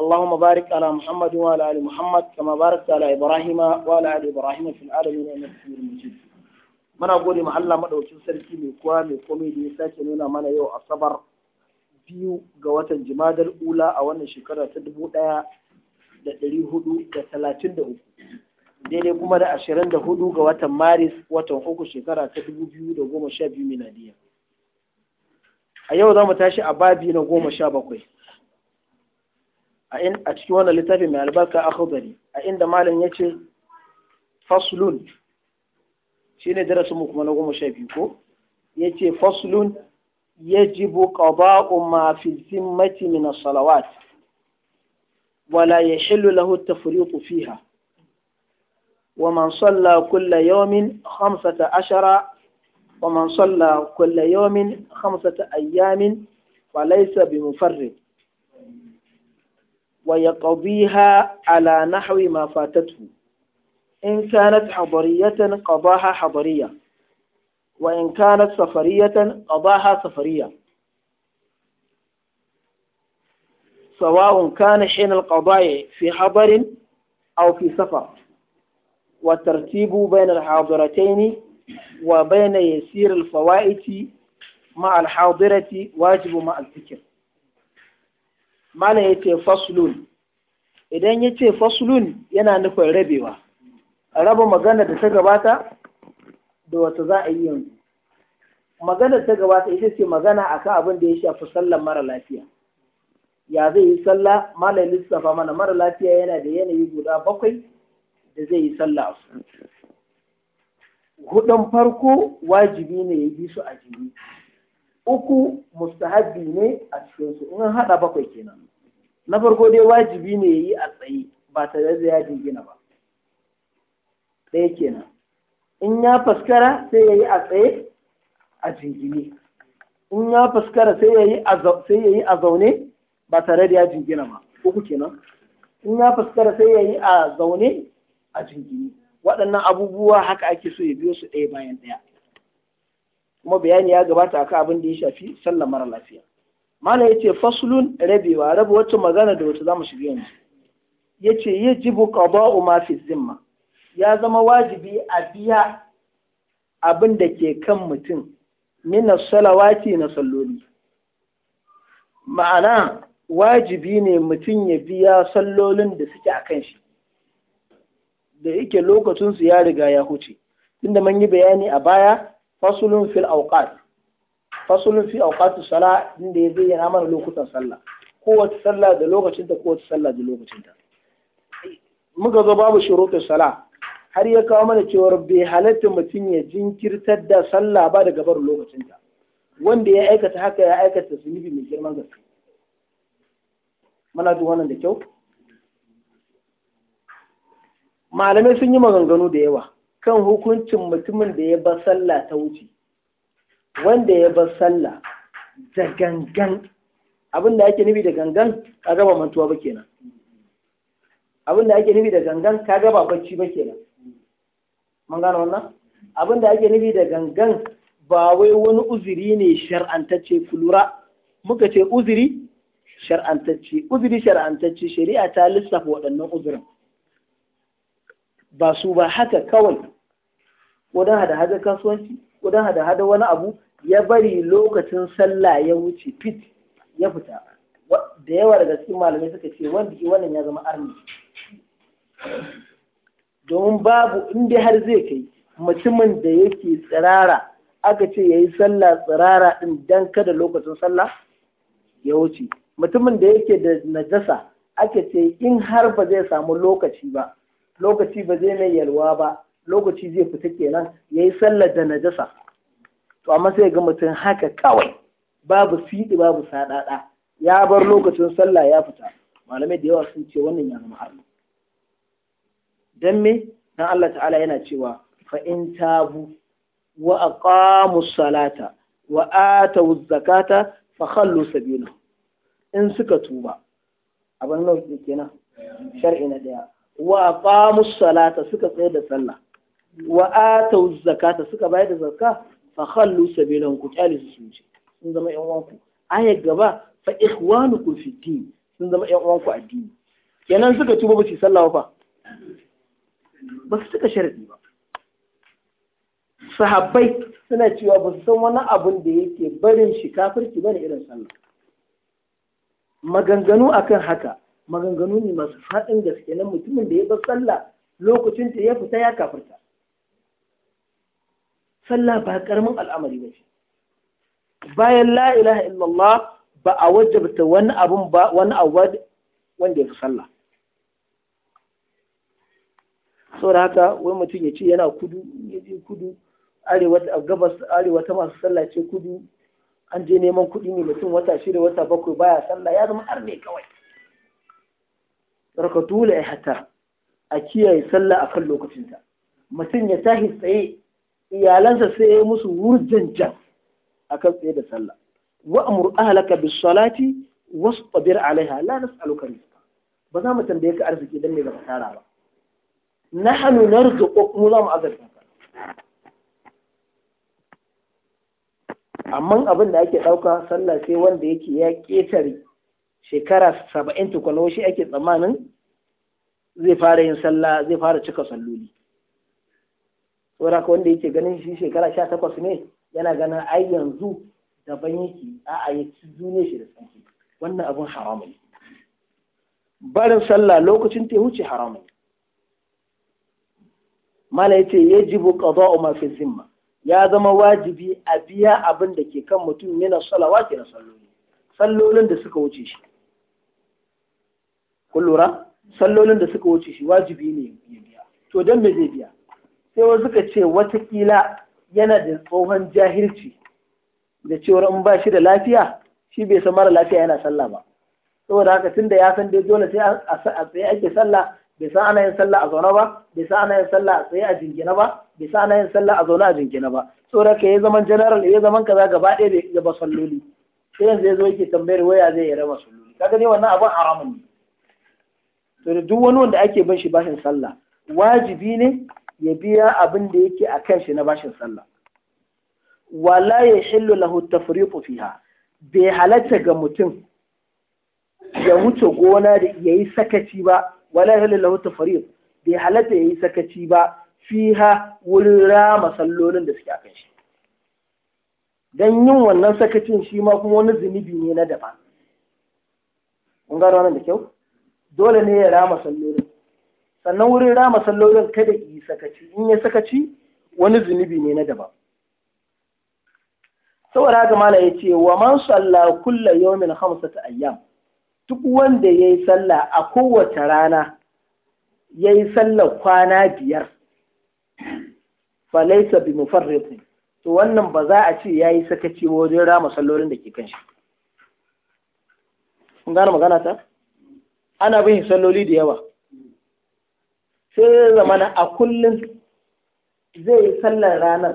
اللهم بارك على محمد وعلى ال محمد كما باركت على ابراهيم وعلى ال ابراهيم في العالمين انك حميد muna gode ma Allah madaukin sarki mai kowa mai komai da ya sake nuna mana yau asabar biyu ga watan jimadar ula a wannan shekara ta dubu ɗaya da ɗari hudu da talatin da uku daidai kuma da ashirin da hudu ga watan maris watan uku shekara ta dubu biyu da goma sha biyu miladiya a yau za mu tashi a babi na goma sha bakwai أين أتكيوانا لتابي من البركة أخضري أين دمالا يتشي فصلون شيني درس مكما نغم شايفيكو يتشي فصلون يجب قضاء ما في الذمة من الصلوات ولا يحل له التفريط فيها ومن صلى كل يوم خمسة عشر ومن صلى كل يوم خمسة أيام وليس بمفرد ويقضيها على نحو ما فاتته إن كانت حضرية قضاها حضرية وإن كانت سفرية قضاها سفرية سواء كان حين القضاء في حضر أو في سفر وترتيب بين الحاضرتين وبين يسير الفوائد مع الحاضرة واجب مع الذكر mana ya ce faslun idan ya ce faslun yana nufin rabewa raba magana da ta gabata da wata za a yi yanzu magana ta gabata ita ce magana a akan abin da ya shafi sallar mara lafiya ya zai yi sallah ya lissafa mana mara lafiya yana da yanayi guda bakwai da zai yi sallah hudun farko wajibi ne ya bi su a jini uku mustahabi ne a cikin su in hada bakwai kenan na farko dai wajibi ne yi a tsaye ba tare da ya jingina ba ɗaya kenan in ya faskara sai ya yi a tsaye a jingine in ya faskara sai ya yi a zaune ba tare da ya jingina ba uku kenan in ya faskara sai ya yi a zaune a jingine waɗannan abubuwa haka ake so ya biyo su ɗaya bayan ɗaya kuma bayani ya gabata akan abin da ya shafi sallar mara lafiya malam yace faslun rabewa rabe wacce magana da wacce zamu shiga yanzu yace yajibu qada'u ma fi zimma ya zama wajibi a biya abin da ke kan mutum min salawati na salloli ma'ana wajibi ne mutum ya biya sallolin da suke a kan shi da yake lokacinsu ya riga ya huce tunda mun yi bayani a baya fasulun fil auqat fasulun fi awqat sala inda ya yana mana lokutan sallah kowace sallah da lokacin ta kowace sallah da lokacin ta muka zo babu shurutu sala har ya kawo mana cewar bai halatta mutum ya jinkirtar da sallah ba daga barin lokacin ta wanda ya aikata haka ya aikata zunubi mai girman gaske muna duk wannan da kyau malamai sun yi maganganu da yawa kan hukuncin mutumin da ya bar sallah ta wuce wanda ya bar sallah da gangan abin da ake nufi da gangan ka gaba mantuwa ba kenan abin da ake nufi da gangan ka gaba bacci ba kenan mun gano wannan abin da ake nufi da gangan ba wai wani uzuri ne shar'antacce ku lura muka ce uzuri shar'antacce uzuri shar'antacce shari'a ta lissafa waɗannan uzurin ba su ba haka kawai wadan hada-hada kasuwanci wadan hada-hada wani abu ya bari lokacin sallah ya wuce fit ya fita da yawa daga cikin malamai suka ce wanda ke wannan ya zama arni domin babu inda har zai kai mutumin da yake tsirara aka ce ya yi sallah tsirara din don kada lokacin sallah ya wuce mutumin da yake da najasa aka ce in har ba zai samu lokaci ba lokaci ba zai mai yalwa ba lokaci zai fita kenan ya yi sallar da najasa to amma sai ga mutum haka kawai babu siɗi babu saɗaɗa ya bar lokacin sallah ya fita malamai da yawa sun ce wannan ya zama harbi Don me dan Allah ta'ala yana cewa fa in tabu wa aqamu salata wa ta zakata fa khallu sabila in suka tuba abin nan kenan shar'i na daya wa aqamu salata suka tsaya da sallah wa atau zakata suka bayar da zakka fa khallu sabilan ku kyale su sun sun zama yan ku. aya gaba fa ikhwanukum fi din sun zama yan a addini kenan suka tuba ba su sallah ba ba su suka sharadi ba sahabbai suna cewa ba su san wani abun da yake barin shi kafirci bane irin sallah maganganu akan haka maganganu ne masu haɗin gaske na mutumin da ya bar sallah lokacin ta ya fita ya kafirta sallah ba karamin al'amari ba ce bayan la ilaha illallah ba a wajabta wani abun ba wani abu wanda ya fi sallah saboda haka wani mutum ya ce yana kudu ya je kudu arewa gabas arewa ta masu sallah ce kudu an je neman kuɗi ne mutum wata shida wata bakwai baya sallah ya zama arne kawai sarka dole ihta a kiyaye sallah akan lokacinta mutum ya tashi tsaye iyalansa sai ya musu wurjan a akan tsaye da sallah wa amur ahlaka bis salati wasbir alaiha la nas'aluka rizqa ba za mu tambaye ka arziki dan me ba tara ba nahnu narzuqu mu za mu amma abin da ake ɗauka sallah sai wanda yake ya ƙetare shekara saba'in tukuna shi ake tsammanin zai fara yin sallah zai fara cika salloli saboda ka wanda yake ganin shi shekara sha takwas ne yana ganin ai yanzu daban yake a'a ya ci duniya shi da tsanki wannan abun haramun barin sallah lokacin ta huce haramun mala yace ya qada'u ma mafi zimma ya zama wajibi a biya abin da ke kan mutum yana ke na salloli sallolin da suka wuce shi kun lura sallolin da suka wuce shi wajibi ne ya biya to dan me zai biya sai wasu suka ce watakila yana da tsohon jahilci da cewar in ba shi da lafiya shi bai san mara lafiya yana sallah ba saboda haka da ya san dai dole sai a tsaye ake sallah bai san ana yin sallah a zaune ba bai san ana yin sallah a tsaye a jingina ba bai san ana yin sallah a zaune a jingina ba saboda haka yi zaman general ya zaman kaza gaba ɗaya bai ba salloli sai yanzu ya zo yake tambayar waya zai yi rama salloli kaga ne wannan abun haramun ne to duk wani wanda ake bin shi bashin sallah wajibi ne ya biya abin da yake a kan shi na bashin sallah wala ya shillu lahu tafriqu fiha bai halatta ga mutum ya wuce gona da yayi sakaci ba wala ya shillu lahu tafriq bai halatta yayi sakaci ba fiha wurin rama sallolin da suke a kan shi dan yin wannan sakacin shi ma kuma wani zunubi ne na daban kun gano nan da kyau dole ne ya rama sallolin sannan wurin rama sallolin kada yi sakaci in ya sakaci wani zunubi ne na daban saboda haka mala ya ce wa man salla kulla yawmin khamsata ayyam duk wanda yayi sallah a kowace rana yayi sallah kwana biyar fa laysa bi to wannan ba za a ce yayi sakaci wajen rama sallolin da ke kan shi kun gane magana ta ana bin salloli da yawa sai ya zamana a kullum zai yi sallar ranar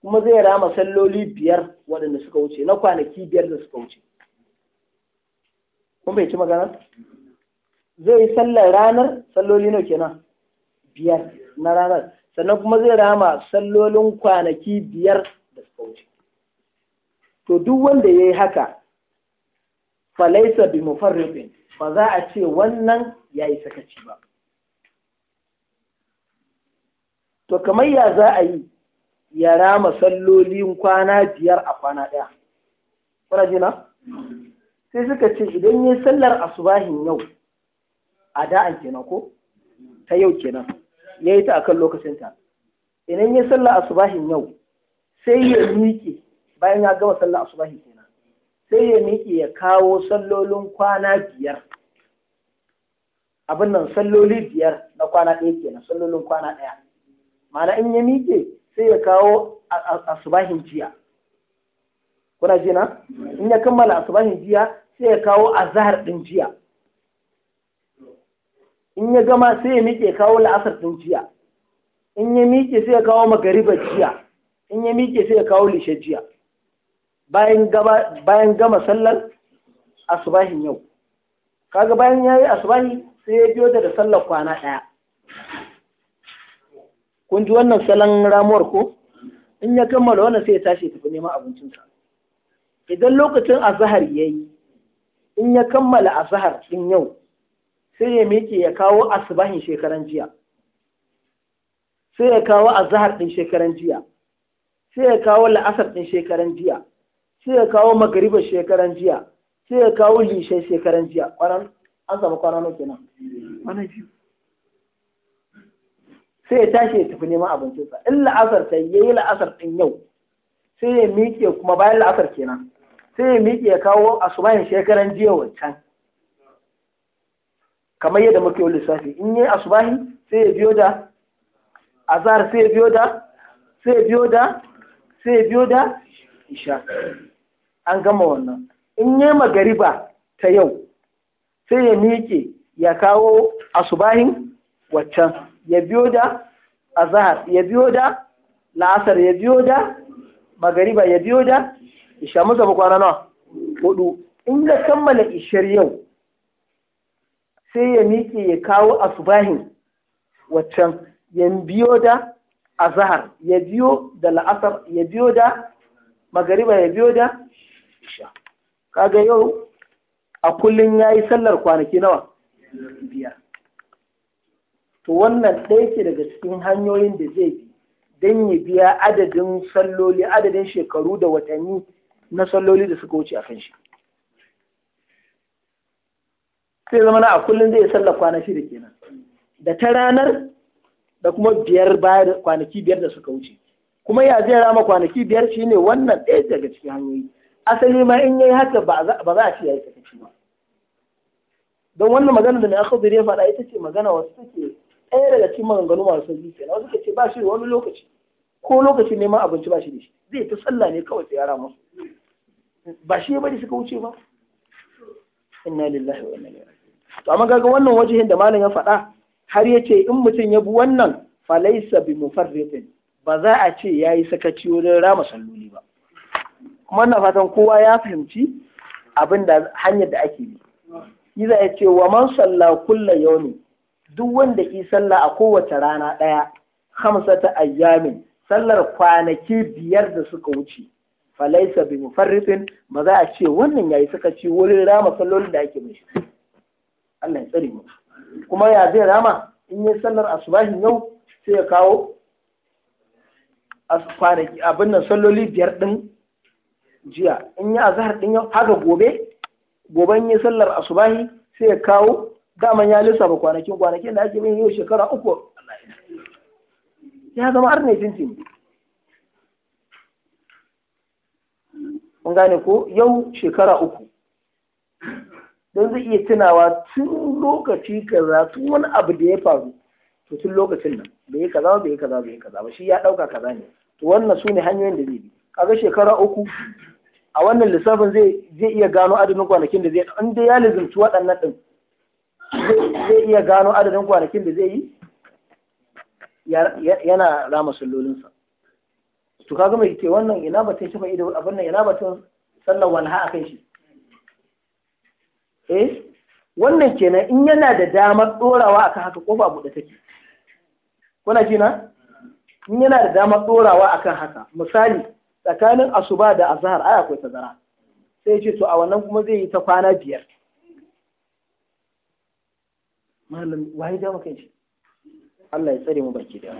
kuma zai rama salloli biyar waɗanda suka wuce na kwanaki biyar da suka wuce Kuma bai ci magana zai yi sallar ranar salloli nau kenan biyar na ranar sannan kuma zai rama sallolin kwanaki biyar da suka wuce to duk wanda ya yi haka falaisa bi mufarriqin ba za a ce wannan ya yi sakaci ba to kamar ya za a yi ya rama sallolin kwana biyar a kwana ɗaya kuna jina sai suka ce idan yi sallar asubahin yau a da'an kenan ko ta yau kenan ya yi ta akan lokacinta idan yi sallar asubahin yau sai ya miƙe bayan ya gama sallar asubahin kenan sai ya miƙe ya kawo sallolin kwana biyar abin nan salloli biyar na kwana ɗaya ke na sallolin kwana ɗaya ma'ana in ya miƙe sai ya kawo asubahin jiya kuna jina in ya kammala asubahin jiya sai ya kawo azahar ɗin jiya in ya gama sai ya miƙe kawo la'asar ɗin jiya in ya miƙe sai ya kawo magariba jiya in ya miƙe sai ya kawo lishe jiya bayan gama sallar asubahin yau kaga bayan ya yi asubahi sai ya biyo ta da sallar kwana ɗaya kun ji wannan salon ramuwar ko in ya kammala wannan sai ya tashi tafi neman abincinsa idan lokacin azahar ya yi in ya kammala azahar ɗin yau sai ya miƙe ya kawo asubahin shekaran jiya sai ya kawo azahar ɗin shekaran jiya sai ya kawo la'asar ɗin shekaran jiya sai ya kawo magariba shekaran jiya sai ya kawo lishe shekaran jiya kwanan an samu kwanan nawa kenan sai ya tashi ya tafi neman abincinsa in la'asar ta yi la'asar ɗin yau sai ya miƙe kuma bayan la'asar kenan sai ya miƙe ya kawo asubahin shekaran jiya wancan kamar yadda muke yi lissafi in yi asubahi sai ya biyo da azar sai ya biyo da sai ya biyo da sai ya biyo da isha an gama wannan in yi magariba ta yau sai ya miƙe ya kawo asubahin waccan ya biyo da azahar ya biyo da la'asar ya biyo da magariba ya biyo da isha musa kwana nawa hudu in ya kammala ishar yau sai ya miƙe ya kawo asubahin waccan ya biyo da azahar ya biyo da la'asar ya biyo da magariba ya biyo da isha kaga yau a kullum ya yi sallar kwanaki nawa biyar to wannan ɗaya ce daga cikin hanyoyin da zai bi don ya biya adadin salloli adadin shekaru da watanni na salloli da suka wuce a kan shi sai zama na a kullum zai sallar kwanaki da kenan da ta ranar da kuma biyar kwanaki biyar da suka wuce kuma ya zai rama kwanaki biyar shi ne wannan ɗaya daga cikin hanyoyi asali ma in yayi haka ba za a ce yayi sakaci ba don wannan magana da mai zuri ya faɗa ita ce magana wasu take ɗaya daga cikin maganganu masu sauƙi ke wasu ke ce ba shi wani lokaci ko lokaci neman abinci ba shi da shi zai ta sallah ne kawai ta yara musu ba shi bari suka wuce ba inna lillahi wa inna ilaihi to amma kaga wannan wajihin da malam ya faɗa har ya ce in mutum ya bi wannan falaisa bi mufarriqin ba za a ce yayi sakaci wurin rama salloli ba kuma na fatan kowa ya fahimci abin da hanyar da ake yi. iza ya ce wa man salla kulla ne, duk wanda yi sallah a kowace rana ɗaya hamsata ayyamin sallar kwanaki biyar da suka wuce falaisa bi ba za a ce wannan yayi suka ce wurin rama sallolin da ake mishi Allah ya tsare mu kuma ya zai rama in yi sallar asubahin yau sai ya kawo kwanaki abin nan salloli biyar din jiya in yi azahar din yau haka gobe goben yi sallar asubahi sai ya kawo daman ya lissafa kwanakin kwanakin da ake yin yau shekara uku ya zama har ne tintin mun gane ko yau shekara uku don zai iya tunawa tun lokaci kaza tun wani abu da ya faru to tun lokacin nan da yi kaza bai yi kaza bai yi kaza ba shi ya dauka kaza ne to wannan su ne hanyoyin da zai bi kaga shekara uku a wannan lissafin zai iya gano adadin kwanakin da zai in dai ya lizimci waɗannan ɗin zai iya gano adadin kwanakin da zai yi yana rama sallolinsa to kaga mai yake wannan ina batun shafa ido abin nan ina batun sallar walha a shi eh wannan kenan in yana da damar dorawa akan haka kofa bude take kuna ji na in yana da damar dorawa akan haka misali tsakanin asuba da Azahar ai akwai tazara sai ce to a wannan kuma zai yi ta kwana biyar malam waye da maka ce Allah ya tsare mu baki da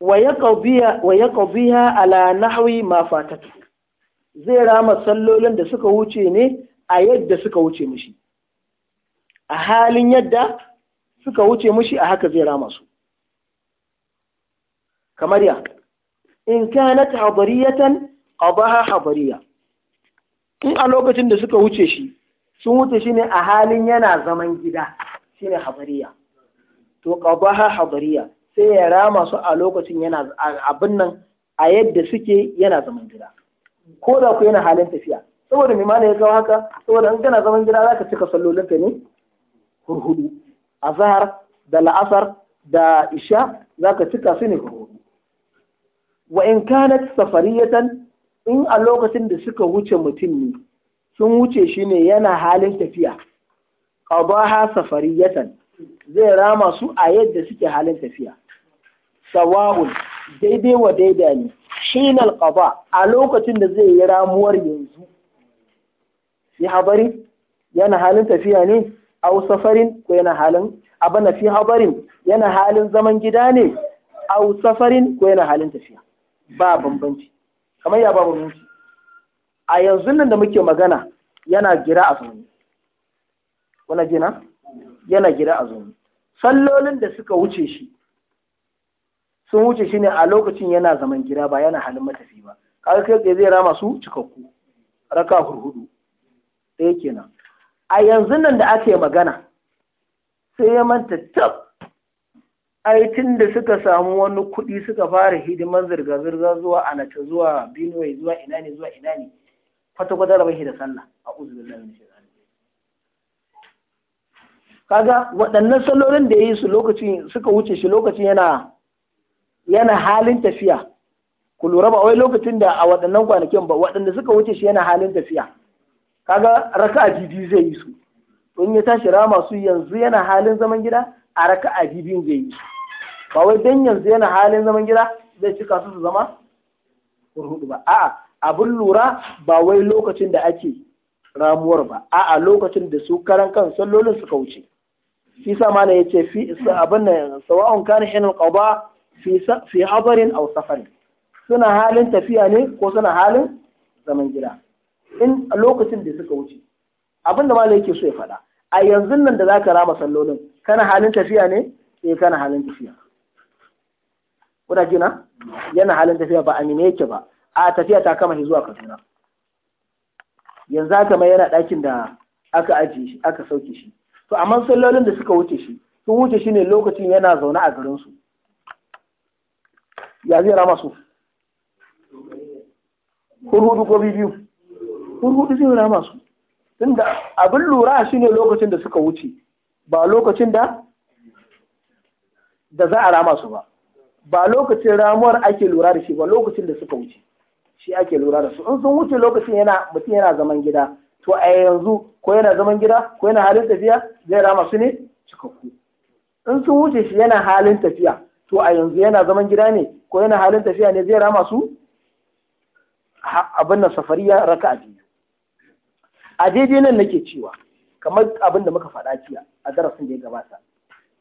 wa qadhiha ala nahwi ma fatatu zai rama sallolin da suka wuce ne a yadda suka wuce mishi a halin yadda suka wuce mishi a haka zai rama su kamar ya in kanat hadariyatan qadaha hadariya in a lokacin da suka wuce shi sun wuce shi ne a halin yana zaman gida shine hadariya to qadaha hadariya sai ya rama su a lokacin yana abin nan a yadda suke yana zaman gida ko da ku yana halin tafiya saboda mai mana ya kawo haka saboda in kana zaman gida zaka cika ka ne hurhudu azhar da la'asar da isha zaka cika su ne hurhudu wa in kanat safariyatan in a lokacin da suka wuce mutum ne sun wuce shi ne yana halin tafiya qadaha safariyatan zai rama su a yadda suke halin tafiya sawa'un daidai wa daida ne shine alqada a lokacin da zai yi ramuwar yanzu fi habari yana halin tafiya ne au safarin ko yana halin abana fi habarin yana halin zaman gida ne au safarin ko yana halin tafiya ba bambanci kamar ya ba bambanci a yanzu nan da muke magana yana gira a zaune wani gina yana gira a zaune sallolin da suka wuce shi sun wuce shi ne a lokacin yana zaman gira ba yana halin matafi ba kaga kai tsaye zai rama su cikakku raka hurhudu ɗaya kenan a yanzu nan da ake magana sai ya manta tab ai tun da suka samu wani kuɗi suka fara hidimar zirga-zirga zuwa anata zuwa binuwa zuwa ina ne zuwa ina ne kwata-kwata da shi da sallah a uzubillah min shaitan kaga waɗannan sallolin da ya yi su lokacin suka wuce shi lokacin yana yana halin tafiya ku lura ba wai lokacin da a waɗannan kwanakin ba waɗanda suka wuce shi yana halin tafiya kaga a biyu zai yi su in ya tashi rama su yanzu yana halin zaman gida a a biyu zai yi su ba wai dan yanzu yana halin zaman gida zai ci kasu su zama hurhudu ba a'a abin lura ba wai lokacin da ake ramuwar ba a'a lokacin da su karan kan sallolin suka wuce fi sa mana yace fi abin nan sawa'un kana hinal qada fi fi hadarin aw safarin suna halin tafiya ne ko suna halin zaman gida in lokacin da suka wuce abin da ma yake so ya faɗa a yanzu nan da zaka rama sallolin kana halin tafiya ne eh kana halin tafiya kuna gina yana halin tafiya ba amina yake ba a tafiya ta kama shi zuwa kaduna yanzu haka mai yana ɗakin da aka ajiye shi aka sauke shi to amma sallolin da suka wuce shi sun wuce shi ne lokacin yana zaune a garinsu ya zai rama su hurhudu ko biyu hurhudu zai rama su tunda abin lura shi ne lokacin da suka wuce ba lokacin da da za a rama su ba ba lokacin ramuwar ake lura da shi ba lokacin da suka wuce shi ake lura da su in sun wuce lokacin yana mutum yana zaman gida to a yanzu ko yana zaman gida ko yana halin tafiya zai rama su ne cikakku in sun wuce shi yana halin tafiya to a yanzu yana zaman gida ne ko yana halin tafiya ne zai rama su abin da safariya raka a biyu a daidai nan nake cewa kamar abin da muka faɗa jiya a darasin da ya gabata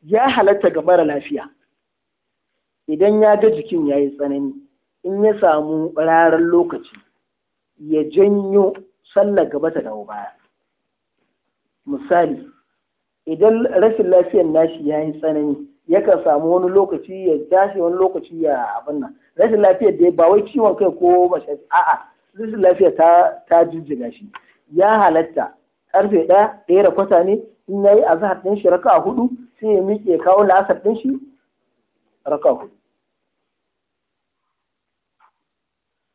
ya halatta ga mara lafiya idan ya ga jikin ya yi tsanani in ya samu rarar lokaci ya janyo sallar gaba ta dawo baya misali idan rashin lafiyar nashi ya yi tsanani yakan samu wani lokaci ya tashi wani lokaci ya abin nan rashin lafiyar da ba wai ciwon kai ko bashi. a'a rashin lafiyar ta ta jijjiga shi ya halatta karfe ɗaya ɗaya da kwata ne in yi a zahar ɗin shi a hudu sai ya miƙe kawo la'asar ɗin shi raka hudu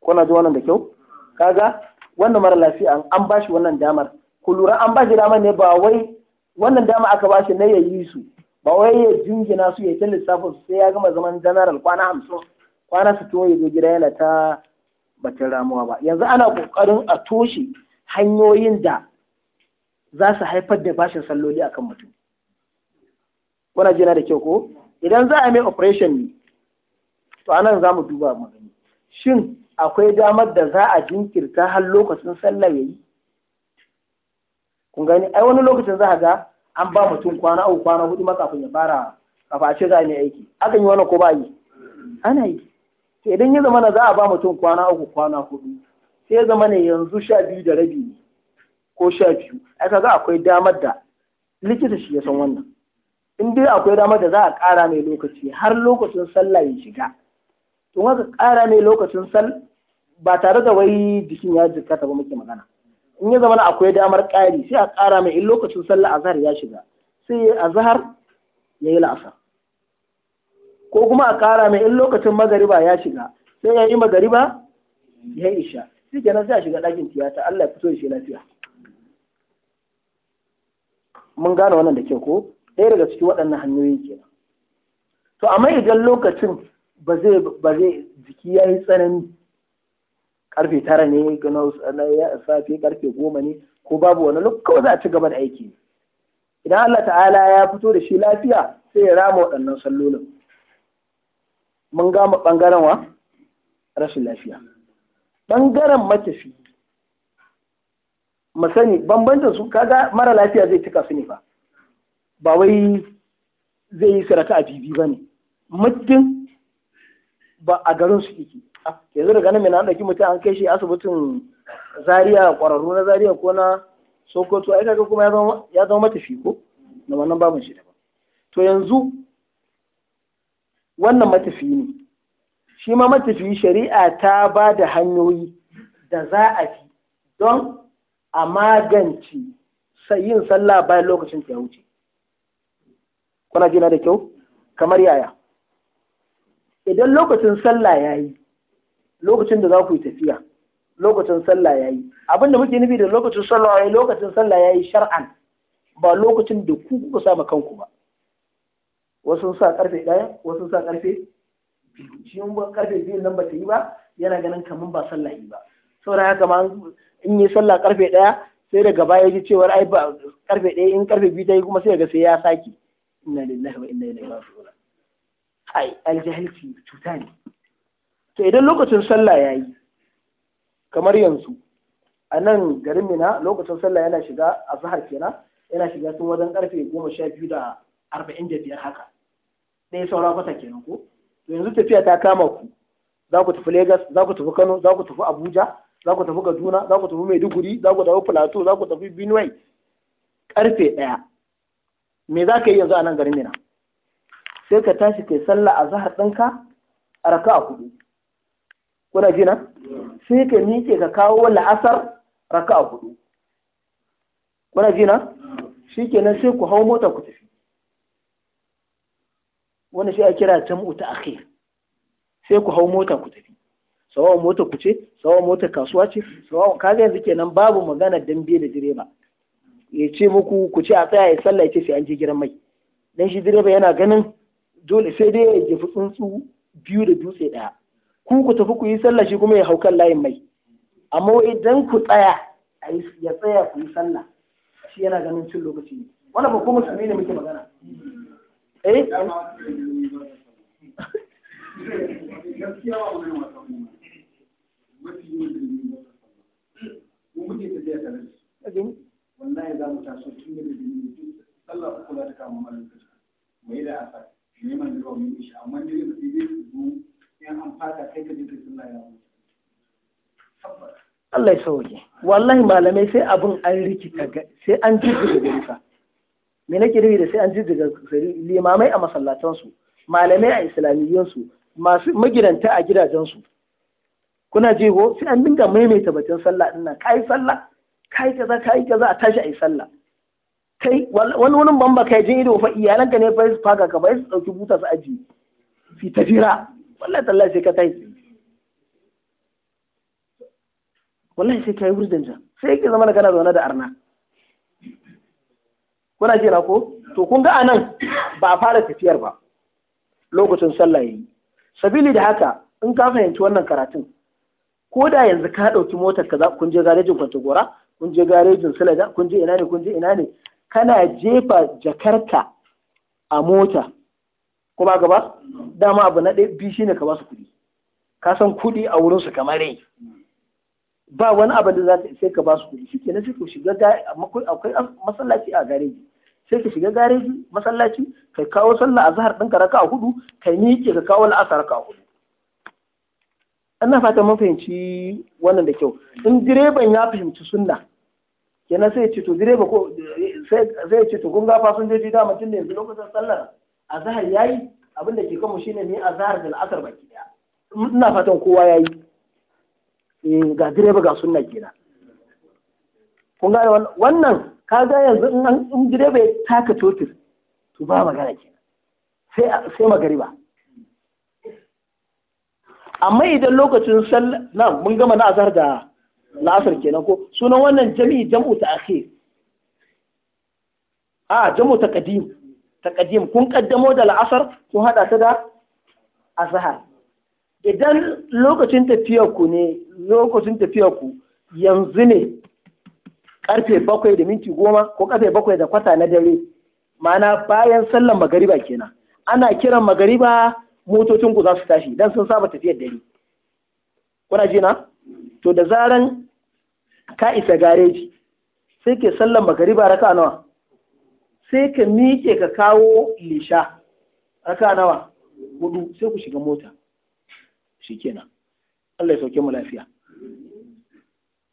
kuna ji wannan da kyau kaga wannan mara lafiya an bashi wannan damar ku lura an bashi damar ne ba wai wannan dama aka bashi na yayi su ba wai ya jingina su ya ta lissafa su sai ya gama zaman general kwana hamsin kwana sittin ya zo gida yana ta batun ramuwa ba yanzu ana kokarin a toshe hanyoyin da za su haifar da bashin salloli akan mutum kuna jina da kyau ko idan za a mai operation ne to anan za mu duba mu gani shin akwai damar da za a jinkirta har lokacin sallah yayi kun gani ai wani lokacin za a ga an ba mutum kwana uku kwana hudu ma kafin ya fara kafa a ce za a yi aiki akan yi wani ko ba yi ana yi to idan ya zama na za a ba mutum kwana uku kwana hudu sai ya zama ne yanzu sha biyu da rabi ne ko sha biyu ai kaga akwai damar da likita shi ya san wannan in dai akwai damar da za a ƙara mai lokaci har lokacin sallah ya shiga to ka ƙara mai lokacin sal ba tare da wai jikin ya jikata ba muke magana in ya zama akwai damar ƙari sai a ƙara mai in lokacin sallah azhar ya shiga sai azhar ya yi la'asar ko kuma a ƙara mai in lokacin magariba ya shiga sai ya yi magariba ya yi isha shi kenan sai a shiga ɗakin tiyata Allah ya fito da shi lafiya mun gane wannan da kyau ko ɗaya daga cikin waɗannan hanyoyin na. to amma idan lokacin ba zai ba zai jiki ya yi tsanani karfe tara ne na safe karfe goma ne ko babu wani lokaci kawai za a ci gaba da aiki idan Allah ta'ala ya fito da shi lafiya sai ya rama waɗannan sallolin mun gama ɓangaren wa rashin lafiya ɓangaren matafi mu sani bambanta su kaga mara lafiya zai cika su ne ba ba wai zai yi sadaka a bibi ba ne muddin ba a garin su yake yanzu daga nan mai na ɗauki mutum an kai shi asibitin Zariya ƙwararru na Zariya ko na sokoto aika kaga kuma ya zama matafi ko na wannan babin shi daban to yanzu wannan matafi ne shi ma matafi shari'a ta ba da hanyoyi da za a fi don a magance sayin sallah bayan lokacin ta ya wuce kuna jina da kyau kamar yaya idan lokacin sallah ya yi lokacin da za ku yi tafiya lokacin sallah ya yi abinda muke nufi da lokacin sallah ya yi lokacin sallah ya yi shar'an ba lokacin da ku kuka sa ma kanku ba wasu sa karfe ɗaya wasu sa karfe biyu shi ba karfe biyu nan ba ta yi ba yana ganin kamar ba sallah yi ba saboda haka ma in yi sallah karfe ɗaya sai daga baya ji cewar ai ba karfe ɗaya in karfe biyu ta yi kuma sai daga sai ya sake inna lillahi wa inna ilaihi raji'un ai aljahilci cuta ne to idan lokacin sallah yayi kamar yanzu a nan garin mina lokacin sallah yana shiga a zahar kenan yana shiga tun wajen karfe goma sha biyu da arba'in da biyar haka ɗaya saura kwata kenan ko to yanzu tafiya ta kama ku za ku tafi Legas, za ku tafi Kano, za ku tafi Abuja, za ku tafi Kaduna, za ku tafi Maiduguri, za ku tafi Plateau, za ku tafi Benue. Karfe ɗaya me za ka yi yanzu a nan garin mina sai ka tashi kai sallah a zahar ɗinka a raka a hudu kuna ji nan sai ka miƙe ka kawo la'asar raka a hudu kuna ji nan shi kenan sai ku hau mota ku tafi wani shi a kira jam'u ta akhir sai ku hau mota ku tafi sawawan mota ku ce sawawan mota kasuwa ce sawawan kaga yanzu kenan babu magana dambe da direba ya ce muku ku ce a tsaya ya sallah ya ce sai an je gidan mai dan shi direba yana ganin dole sai dai ya jefi tsuntsu biyu da dutse daya ku ku tafi ku yi sallah shi kuma ya hau kan layin mai amma idan ku tsaya ya tsaya ku yi sallah shi yana ganin cin lokaci ne wannan ba ko musulmi ne muke magana eh wallahi za mu taso tun daga jini duk sallar kula za ta kama mara lokaci mu yi da ne man da kawai mishi amma da yau sai zai su zo yan an fata kai ka je kai sallah ya mutu Allah ya sauke wallahi malamai sai abin an rikita sai an ji da nisa me nake nufi da sai an jirgi da limamai a masallatansu malamai a islamiyyansu, masu magidanta a gidajensu kuna jego sai an dinga maimaita batun sallah dinnan kai sallah kai kaza kai kaza a tashi yi sallah kai wani wani ban kai jin ido fa ka ne ba su faka ka ba su dauki buta su aji fi tajira wallahi tallahi sai ka tai wallahi sai kai wurin ja sai ke zama kana zaune da arna kuna jira ko to kun ga anan ba a fara tafiyar ba lokacin sallah yayi sabili da haka in ka fahimci wannan karatun ko da yanzu ka ɗauki motar ka kun je garejin kwanta gora kun je garejin silaja? kun je ina ne kun je ina ne kana jefa jakarta a mota kuma gaba dama abu na ɗaya biyu shine ka ba su kuɗi ka san kuɗi a wurin su kamar rai ba wani abu da za ta sai ka ba su kuɗi shike na sai ku shiga akwai masallaci a gareji sai ka shiga gareji masallaci ka kawo sallah a azhar ɗinka raka a hudu ka miƙe ka kawo la'asa raka a hudu ana fata mun fahimci wannan da kyau in direban ya fahimci sunna kenan sai ce to direba ko sai ce to kun ga fasinjoji dama tun ne yanzu lokacin sallar azhar yayi abin da ke kanmu shine ne azhar da al'asar baki daya ina fatan kowa yayi eh ga direba ga sunna kenan kun ga wannan ka ga yanzu in in direba ya taka totir to ba magana kenan sai sai magariba amma idan lokacin sallar na mun gama na azhar da la'asar kenan ko sunan wannan jami'i jam'u ta akhir a jam'u ta qadim ta qadim kun kaddamo da la'asar kun hada ta da azhar idan lokacin tafiyar ku ne lokacin tafiyar ku yanzu ne karfe bakwai da minti goma ko karfe bakwai da kwata na dare ma'ana bayan sallar magariba kenan ana kiran magariba motocin ku za su tashi dan sun saba tafiyar dare kuna ji na to da zaran ka isa gareji sai ke sallan ba raka nawa sai ka miƙe ka kawo lisha raka nawa hudu sai ku shiga mota shi kenan. Allah ya sauke mu lafiya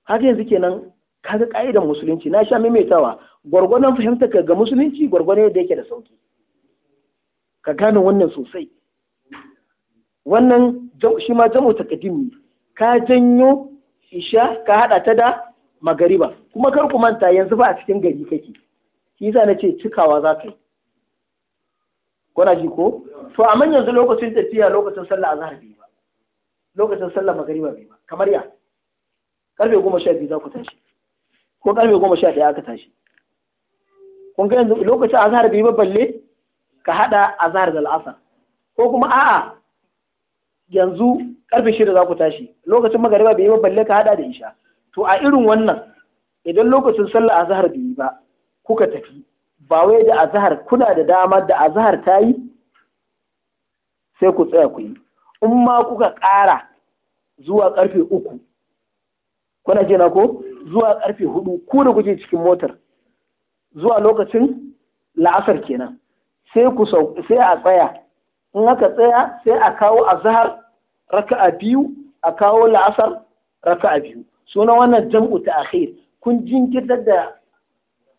haka yanzu kenan kaga ka'idar musulunci na sha maimaitawa gwargwadon fahimta ka ga musulunci gwargwadon yadda yake da sauki ka gane wannan sosai wannan shi ma jamu takaddimi ka janyo isha ka haɗa ta da magariba kuma kar ku manta yanzu ba a cikin gari kake shi yasa na ce cikawa za ka yi kuna ji ko to amma yanzu lokacin tafiya lokacin sallah azhar bai ba lokacin sallah magariba bai ba kamar ya karfe goma sha biyu za ku tashi ko karfe goma sha ɗaya aka tashi kun ga yanzu lokacin azhar bai ba balle ka haɗa azhar da al'asar ko kuma a'a yanzu karfe shida za ku tashi lokacin magariba bai yi ba balle ka hada da isha to a irin wannan idan lokacin sallah azhar bai yi ba kuka tafi ba wai da azhar kuna da dama da azhar ta yi sai ku tsaya ku yi in ma kuka ƙara zuwa karfe uku kuna jina ko zuwa karfe hudu ku da kuke cikin motar zuwa lokacin la'asar kenan sai ku sai a tsaya in aka tsaya sai a kawo azhar a biyu a kawo la'asar raka'a biyu suna wannan jam'u ta akhir kun jinkirtar da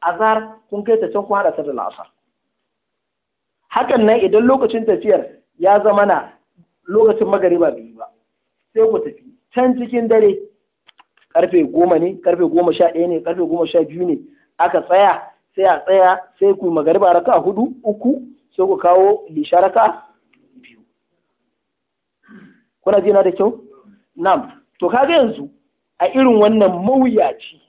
azhar kun kai ta can kun hada ta da la'asar hakan nan idan lokacin tafiyar ya zama na lokacin magariba biyu ba sai ku tafi can cikin dare karfe goma ne karfe goma sha ɗaya ne karfe goma sha biyu ne aka tsaya sai a tsaya sai ku magariba raka hudu uku sai ku kawo lisha raka kuna jina da kyau Nam. to kaga yanzu a irin wannan mawuyaci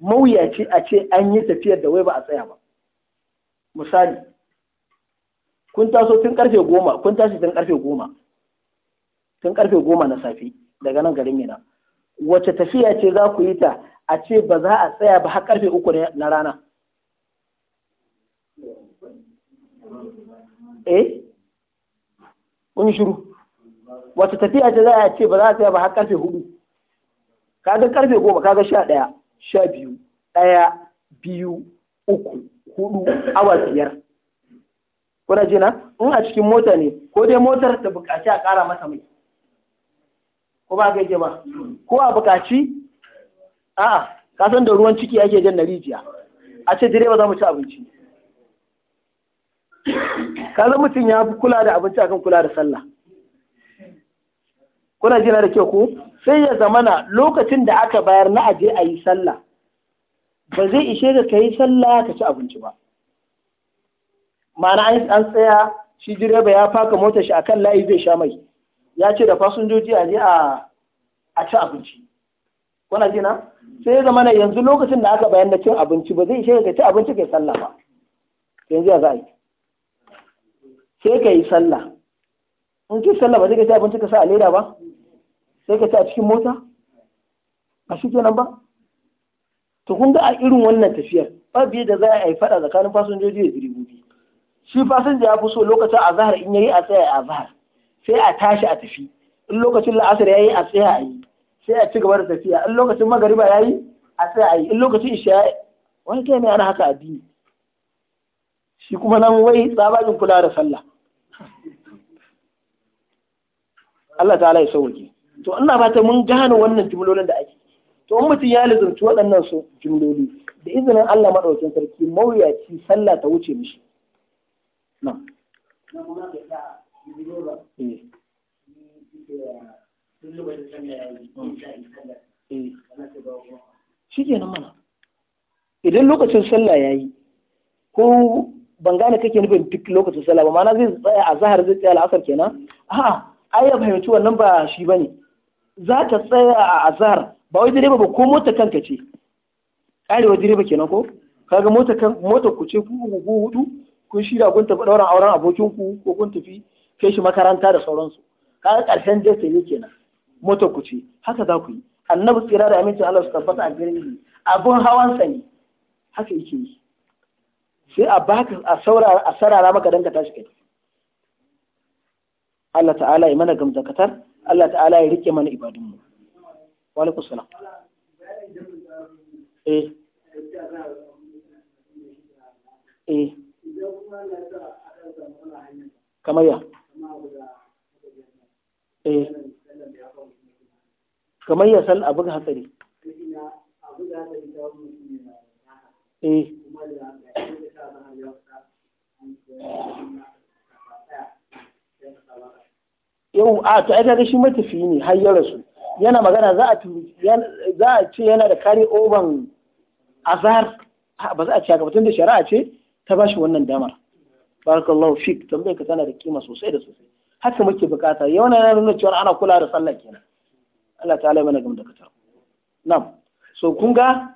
mawuyaci a ce an yi tafiyar da wai ba a tsaya ba misali kun taso tun karfe goma kun tashi tun karfe goma tun karfe goma na safe daga nan garin mina wace tafiya ce za ku yi ta a ce ba za a tsaya ba har karfe uku na rana eh kun shiru wata tafiya ce za a ce ba za a tsaya ba har karfe hudu kaga karfe goma kaga sha ɗaya sha biyu ɗaya biyu uku hudu awa biyar kuna jina in a cikin mota ne ko dai motar ta bukaci a ƙara mata mai ko ba gaike ba ko a bukaci a'a kasan da ruwan ciki ake jan na rijiya a ce direba za mu ci abinci kaza mutum ya fi kula da abinci akan kula da sallah kuna jina da kyau ko sai ya zamana lokacin da aka bayar na aje a yi sallah ba zai ishe ka ka yi sallah ka ci abinci ba ma'ana an tsaya shi direba ya faka mota shi akan layi zai sha mai ya ce da fasinjoji a je a ci abinci kuna jina sai ya zamana yanzu lokacin da aka bayar na cin abinci ba zai ishe ka ci abinci ka yi sallah ba yanzu ya za a yi sai ka yi sallah in ki sallah ba zai ka ci abinci ka sa a leda ba sai ka ci a cikin mota a shi kenan ba to kun ga a irin wannan tafiyar ba biye da za a yi fada tsakanin fasinjoji da direbobi shi fasinja ya fi so lokacin azahar in yayi a tsaya a azahar sai a tashi a tafi in lokacin la'asar yayi a tsaya a yi sai a ci gaba da tafiya in lokacin magariba yayi a tsaya a yi in lokacin isha wani kai ne ana haka addini shi kuma nan wai tsabagin kula da sallah Allah ta'ala ya sauke to Allah ba ta mun gane wannan jumlolin da ake to in mutum ya lizarci waɗannan su jumloli da izinin Allah maɗaukin sarki mawuyaci sallah ta wuce mishi na eh. eh. shi kenan mana idan lokacin sallah ya yi ko ban gane kake nufin duk lokacin sallah ba mana zai tsaya a zahar zai tsaya al'asar kenan a'a ai ya fahimci wannan ba shi bane za ta tsaya a Azar. ba wai direba ba ko mota kanka ce karewa direba kenan ko kaga mota kan mota ku ce ku uku ku hudu kun shirya kun tafi dauran auren abokin ku ko kun tafi kai shi makaranta da sauransu kaga karshen da sai kenan mota ku ce haka za ku yi annabi tsira da amincin Allah su tabbata a gare ni abun hawan sa ne haka yake yi sai a baka a saurara a sarara maka danka ka tashi kai Allah ta'ala ya mana gamzakatar Allah ta'ala ya rike mana ibadunmu wa alaikum salam eh eh kamar ya eh kamar ya san abu ga hatsari eh yau a ta ai kaga shi matafi ne har ya rasu yana magana za a za a ce yana da kare oban azhar ba za a ce haka tun da shari'a ce ta ba shi wannan damar barakallahu fik tambayar ka tana da kima sosai da sosai haka muke bukata yau na nuna cewa ana kula da sallah kenan Allah ta alai mana gama da katar na'am so kun ga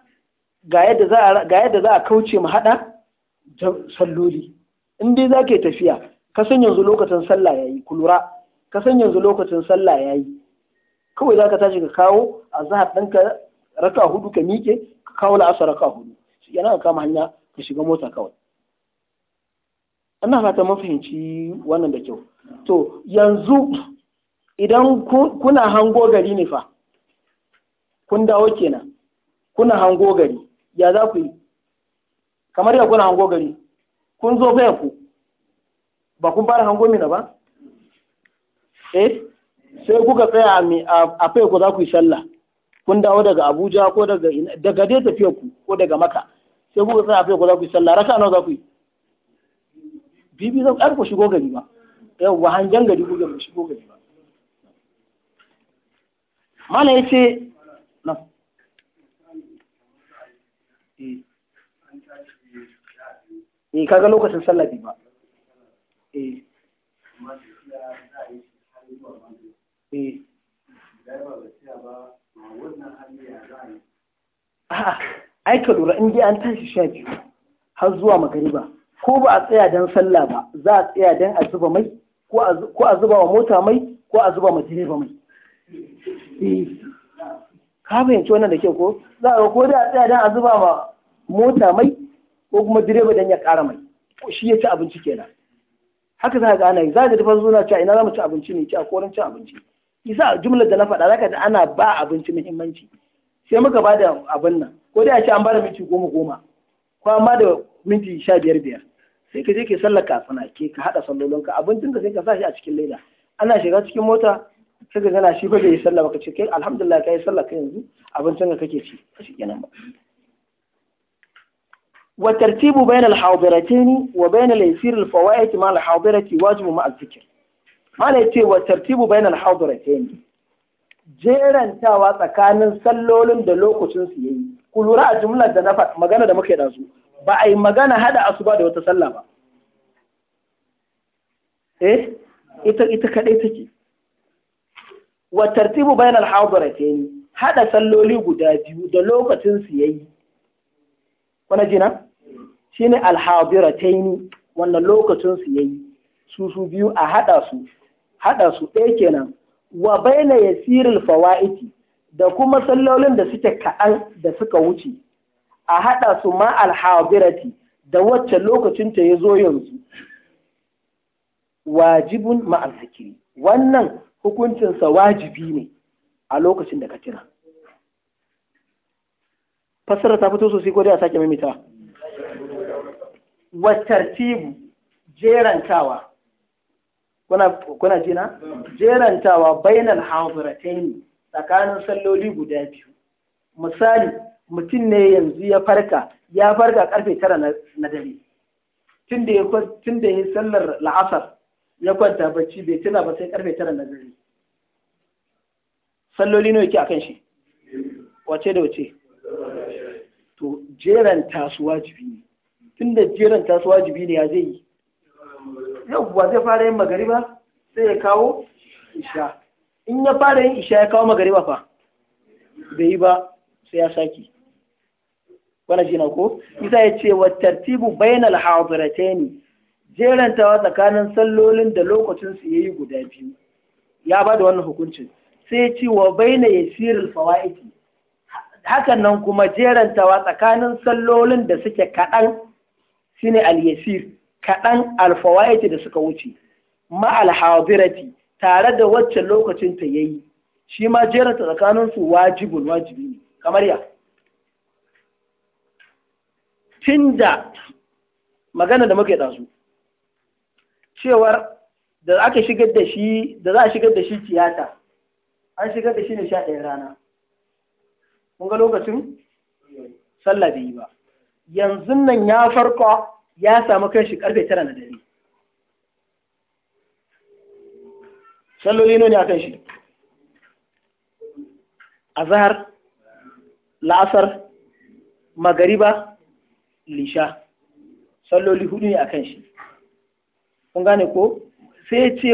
ga yadda za a ga yadda za a kauce mu hada salloli in dai zake tafiya ka san yanzu lokacin sallah yayi kulura. lura ka san yanzu lokacin sallah ya yi. kawai za ka tashi ka kawo a zahar ɗinka raka hudu ka miƙe ka kawo la'asa raka hudu shi yana kama hanya ka shiga mota kawai ina fata mun fahimci wannan da kyau to yanzu idan kuna hango gari ne fa kun dawo kenan kuna hango gari ya za ku yi kamar ya kuna hango gari kun zo faya ku ba kun fara hango mina ba eh sai kuka tsaya a fai ku za ku yi sallah kun dawo daga Abuja ko daga daga dai tafiyar ku ko daga Maka sai kuka tsaya a fai ku za ku yi sallah raka nawa za ku yi bibi zan ku shigo gari ba yawwa hangen gari ku ga shigo gari ba mana ce na eh, eh kaga lokacin sallah ba eh eh ai ka lura in an tashi sha biyu har zuwa magariba ko ba a tsaya don sallah ba za a tsaya don a zuba mai ko a zuba wa mota mai ko a zuba ma direba mai eh. ka fahimci wannan da kyau ko za a ko da a tsaya don a zuba ma mota mai ko kuma direba don ya ƙara mai Ko shi ya ci abinci kenan haka za a gane yi za a ga tafa zuwa ci ina za mu ci abinci ne ci a koren cin abinci kisa jumlar da na faɗa zaka da ana ba abinci muhimmanci sai muka ba da abin nan ko dai a ce an ba da minti goma goma ko an ba da minti sha biyar biyar sai ka je ke sallar kafin ke ka haɗa sallolinka abincin ka sai ka sa shi a cikin leda ana shiga cikin mota sai ka gana shi ba zai yi sallah ba ka ce kai alhamdulillah ka yi sallah ka yanzu abincin ka kake ci a shi kenan ba wa tartibu bainal hadirataini wa bainal yasir al fawaid ma al hadirati wajibu ma al fikr mana ce wa tartibu bainal hadratain jerantawa tsakanin sallolin da lokacin su yayi ku lura a jumlar da na magana da muke da su ba a yi magana hada asuba da wata sallah ba eh ita ita kadai take wa tartibu bainal hadratain hada salloli guda biyu da lokacin su yayi kuna jina shine al hadratain wannan lokacin su yayi su su biyu a hada su haɗa su ɗaya kenan wa baina yasiril fawaiti da kuma sallolin da suke kaɗan da suka wuce a haɗa su ma alhabirati da wacce lokacin ta ya zo yanzu wajibun ma'al zikiri wannan hukuncinsa wajibi ne a lokacin da ka kira fassara ta fito sosai ko dai a sake maimaita wa tartibu jerantawa kuna jina jerantawa bainal hadiratayn tsakanin salloli guda biyu misali mutum ne yanzu ya farka ya farka karfe tara na dare tun da ya sallar la'asar ya kwanta bacci bai tuna ba sai karfe tara na dare salloli nawa yake kan shi wace da wace to jeranta su wajibi ne tunda jeranta su wajibi ne ya zai yi yawwa zai fara yin magariba sai ya kawo isha in ya fara yin isha ya kawo magariba fa bai yi ba sai ya saki wani jina ko isa ya ce wa tartibu bainal ne jerantawa tsakanin sallolin da lokacin su yayi guda biyu ya ba da wannan hukuncin sai ya ce wa baina yasirul fawa'iki hakan nan kuma jerantawa tsakanin sallolin da suke kaɗan shine al-yasir kaɗan alfawaiti da suka wuce ma'al hadirati tare da waccan lokacin ta yayi shi ma jeranta tsakanin su wajibun wajibi ne kamar ya tunda magana da yi ɗazu cewar da aka shigar da shi da za a shigar da shi tiyata an shigar da shi ne sha ɗaya rana kun ga lokacin sallah bai yi ba yanzu nan ya farko ya samu kan shi karfe tara na dare salloli ne a kan shi Azahar, la'asar magariba lisha salloli hudu ne a kan shi kun gane ko sai ce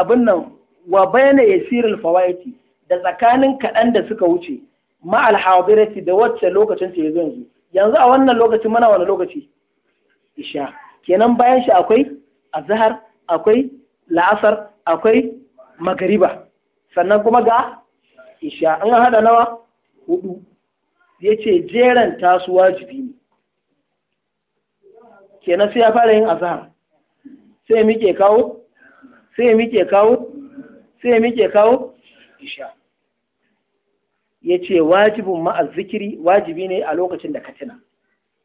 abin nan wa bayyana yasirul fawaiti da tsakanin kaɗan da suka wuce ma'al hadirati da wacce lokacin ya zo yanzu yanzu a wannan lokacin muna wani lokaci isha kenan bayan shi akwai azhar akwai la'asar akwai magariba sannan kuma ga isha an hada nawa hudu ya ce jeran tasu wajibi ne kenan sai ya fara yin azhar sai ya mike kawo sai ya kawo sai ya kawo isha ya ce wajibin ma'az wajibi ne a lokacin da ka tuna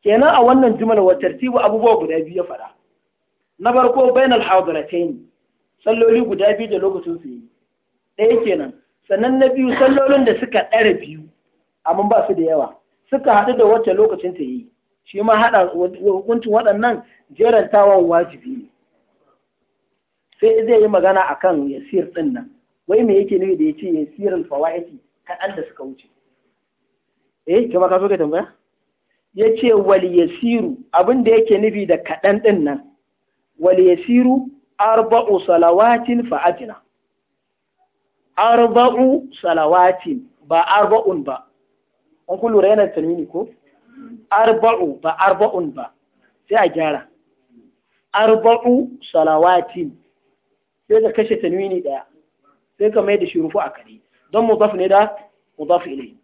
kenan a wannan jumla wa tartibu abubuwa guda biyu ya fara na farko bainal hadratain salloli guda biyu da lokacin su yi ɗaya kenan sannan na biyu sallolin da suka ɗara biyu amma ba su da yawa suka haɗu da wacce lokacin ta yi shi ma haɗa hukuncin waɗannan jerantawan wajibi ne sai zai yi magana akan yasir ɗin nan wai me yake nufi da ya ce yasirul fawaiti kaɗan da suka wuce eh kima ka so ka tambaya ya ce waliyasiru abin da yake nufi da kaɗan ɗin nan waliyasiru arba'u salawatin fa'adina. arba'u salawatin ba arba'un ba an ku lura yana talmini ko arba'u ba arba'un ba sai a gyara arba'u salawatin sai ka kashe tanwini ɗaya. sai ka mai da shi rufu a kare don mudaf ne da mudaf ilayhi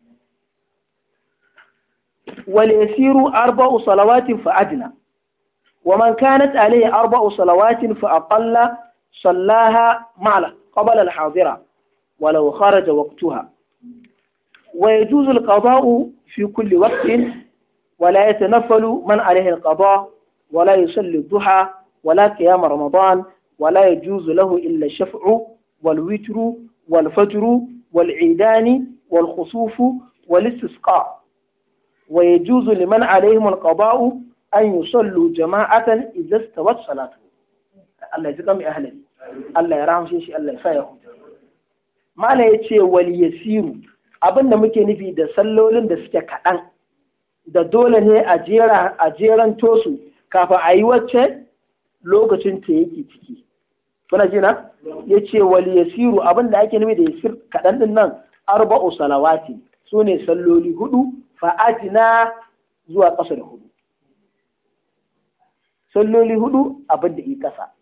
وليسير أربع صلوات فأدنى ومن كانت عليه أربع صلوات فأقل صلاها معلا قبل الحاضرة ولو خرج وقتها ويجوز القضاء في كل وقت ولا يتنفل من عليه القضاء ولا يصلي الضحى ولا قيام رمضان ولا يجوز له إلا الشفع والوتر والفجر والعيدان والخصوف والاستسقاء wa yajuzu liman alaihim alqaba'u an yusallu jama'atan idza stawat salatu Allah ya ji kamar ahlali Allah ya rahamshe shi Allah ya sa ya huta mala yace wal yasiru abinda muke nufi da sallolin da suke kaɗan da dole ne a jeran tosu kafin a yi wacce lokacin ta yake ciki. Kuna jina? Ya ce wali yasiru abin da ake nufi da yasir kaɗan ɗin nan arba'u salawati su ne salloli huɗu. fa'adina zuwa ƙasa da hudu salloli hudu abin da yi ƙasa